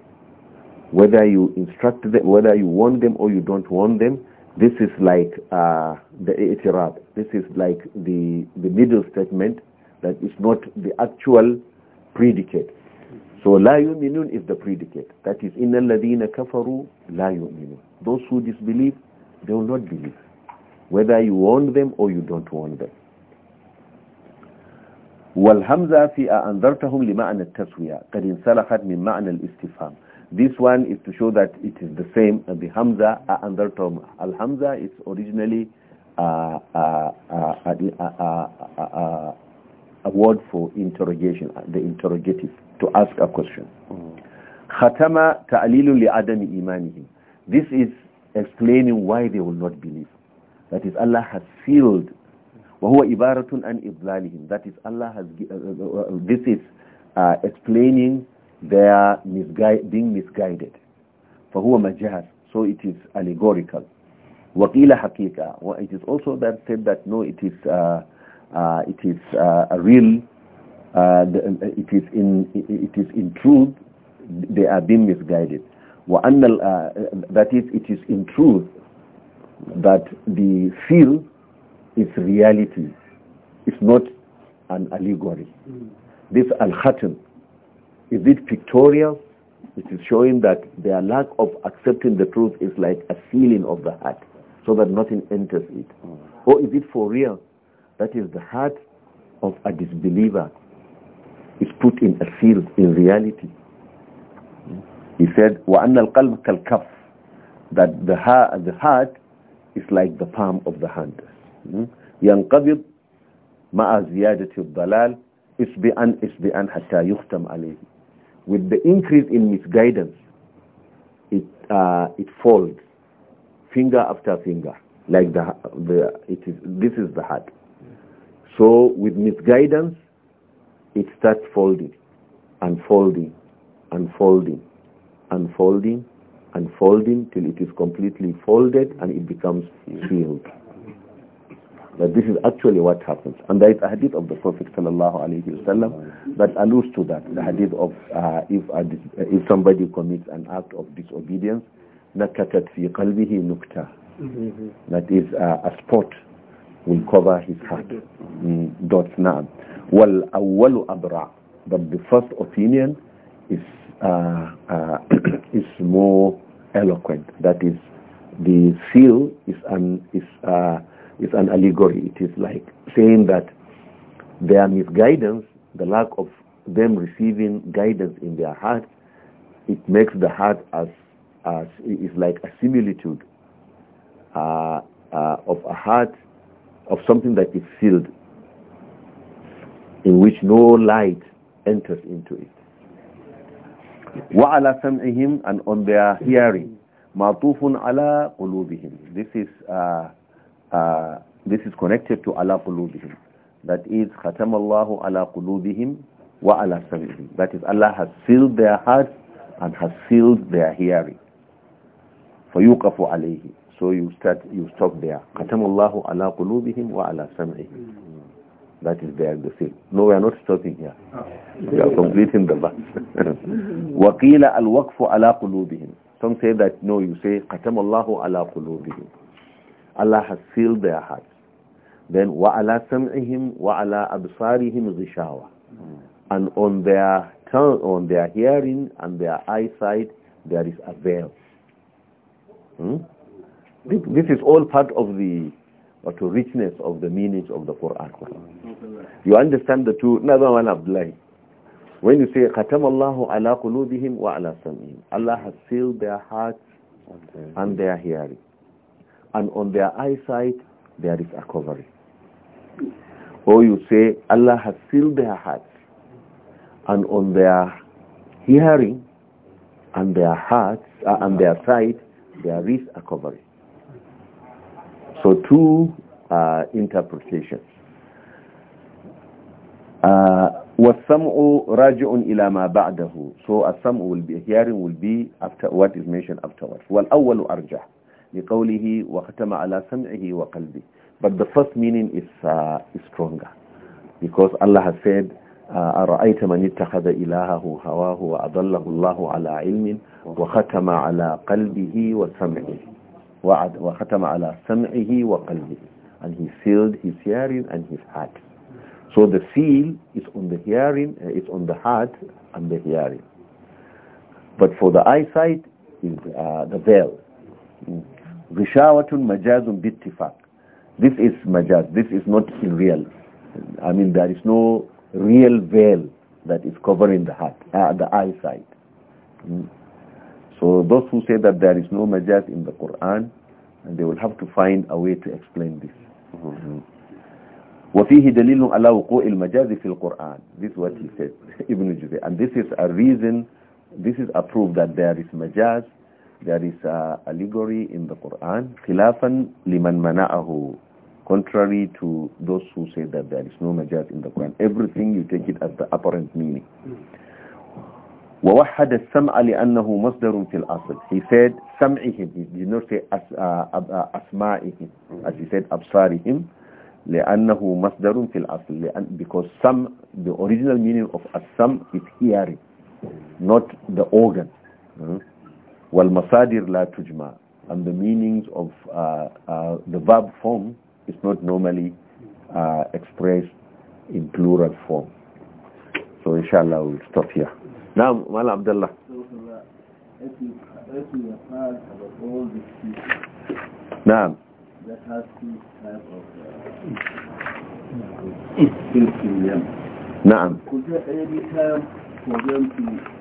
whether you instruct them, whether you want them or you don't want them, this is like uh, the i'tirab. This is like the, the middle statement that is not the actual predicate. So la yu'minun is the predicate. That is, inna alladhina kafaru la yu'minun. Those who disbelieve, they will not believe. Whether you want them or you don't want them. والهمزة في أنذرتهم لمعنى التسوية قد انسلخت من معنى الاستفهام this one is to show that it is the same, the Hamza uh, and term Al-Hamza is originally uh, uh, a word for interrogation, the interrogative, to ask a question. Khatama li'adami imanihim. This is explaining why they will not believe. That is, Allah has sealed. وَهُوَ إِبَارَةٌ أَنْ إِضْلَالِهِمْ That is, Allah has, uh, uh, this is uh, explaining they are being misguided. فهو مجاز so it is allegorical. وقيل حقيقة it is also that said that no it is uh, uh, it is uh, a real uh, uh, it is in it is in truth they are being misguided. Uh, that is it is in truth that the feel is reality. It's not an allegory. Hmm. This al-khatim is it pictorial? It is showing that their lack of accepting the truth is like a sealing of the heart so that nothing enters it. Mm. Or is it for real? That is the heart of a disbeliever is put in a seal in reality. He said, وَأَنَّ الْقَلْبَ كَالْكَفْ That the ha, the heart is like the palm of the hand. يَنْقَبِضْ مَعَ زِيَادَةِ الضَّلَالِ إِسْبِعًا إِسْبِعًا حَتَّى يُخْتَمْ عَلَيْهِ with the increase in misguidance, it, uh, it folds finger after finger. Like the, the, it is, this is the heart. So with misguidance, it starts folding, unfolding, unfolding, unfolding, unfolding till it is completely folded and it becomes sealed that this is actually what happens. And there is a hadith of the Prophet sallallahu alaihi wasallam that alludes to that. The hadith of uh, if uh, uh, if somebody commits an act of disobedience, nakatat fi qalbihi nukta. That is uh, a spot will cover his heart. Mm, dots now. Wal But the first opinion is uh, is more eloquent. That is, the seal is an is it's an allegory. It is like saying that their misguidance, the lack of them receiving guidance in their heart, it makes the heart as, as is like a similitude uh, uh, of a heart of something that is sealed, in which no light enters into it. وعلى سمعهم and on their hearing معطوف على قلوبهم this is uh, uh, this is connected to ala qulubihim that is khatamallahu ala qulubihim wa ala sam'ihim that is Allah has sealed their hearts and has sealed their hearing fayuqafu alayhi so you start you stop there khatamallahu ala qulubihim wa ala sam'ihim that is there the same no we are not stopping here we are completing the verse waqila al-waqfu ala qulubihim some say that no you say khatamallahu ala qulubihim Allah has sealed their hearts. Then وَعَلَىٰ سَمْعِهِمْ وَعَلَىٰ أَبْصَارِهِمْ غِشَاوَةً And on their tongue, on their hearing and their eyesight, there is a veil. Hmm? This, is all part of the or to richness of the meanings of the Quran. You understand the two. Another one, Abdullah. When you say, Khatam Allahu ala wa ala Allah has sealed their hearts and their hearing and on their eyesight there is a covering. Or oh, you say Allah has sealed their hearts and on their hearing and their hearts uh, and their sight there is a covering. So two uh, interpretations. Uh, وَالسَّمْعُ رَاجِعٌ إِلَى مَا بَعْدَهُ So a will be, hearing will be after what is mentioned afterwards. وَالْأَوَّلُ أَرْجَحُ لقوله وختم على سمعه وقلبه but the first meaning is uh, is stronger because Allah has said أرأيت من اتخذ إلهه هواه وأضله الله على علم وختم على قلبه وسمعه وختم على سمعه وقلبه and he sealed his hearing and his heart so the seal is on the hearing it's on the heart and the hearing but for the eyesight is uh, the veil Rishawatun majazun bittifak. This is majaz. This is not real. I mean, there is no real veil that is covering the heart, uh, the eyesight. Mm. So those who say that there is no majaz in the Quran, they will have to find a way to explain this. وفيه دليل على وقوع المجاز في القرآن. This is what he said, Ibn Jubayr. And this is a reason, this is a proof that there is majaz there is a allegory in the Quran, khilafan liman mana'ahu, contrary to those who say that there is no majaz in the Quran. Everything you take it as the apparent meaning. ووحد السمع لأنه مصدر في الأصل. He said سمعهم. He did not say as, uh, أسمائهم. Uh, as he said أبصارهم. لأنه مصدر في الأصل. لأن, because سمع, the original meaning of السمع is hearing, not the organ. Hmm? wal masadir la tujma and the meanings of uh, uh, the verb form is not normally uh, expressed in plural form. So inshallah we'll stop here. Now, Mala Abdullah. Now. That has two types of Could any time for them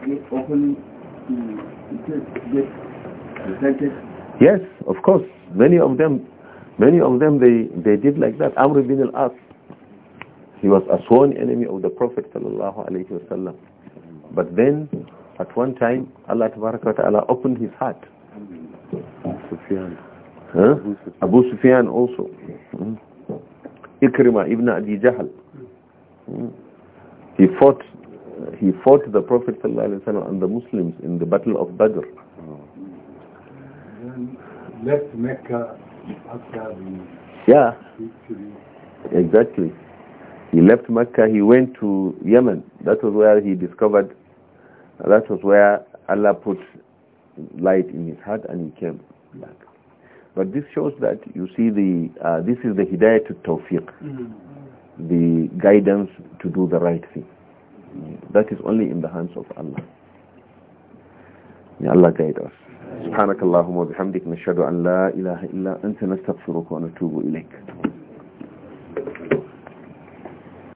to open Yes, of course. Many of them, many of them, they, they did like that. Amr ibn al-As, he was a sworn enemy of the Prophet sallallahu alaihi wasallam. But then, at one time, Allah ta'ala opened his heart. Sufyan. Huh? Abu Sufyan also. Mm. Ikrima ibn Abi Jahl. Hmm? He fought he fought the Prophet ﷺ and the Muslims in the Battle of Badr. Oh. Then left Mecca after the yeah. victory. Exactly. He left Mecca, he went to Yemen. That was where he discovered, that was where Allah put light in his heart and he came back. But this shows that, you see, the uh, this is the hidayah to tawfiq, mm -hmm. the guidance to do the right thing that is only in the hands of Allah. May Allah guide us. Subhanakallahumma bihamdik nashadu an la illa anta nastaghfiruka wa natubu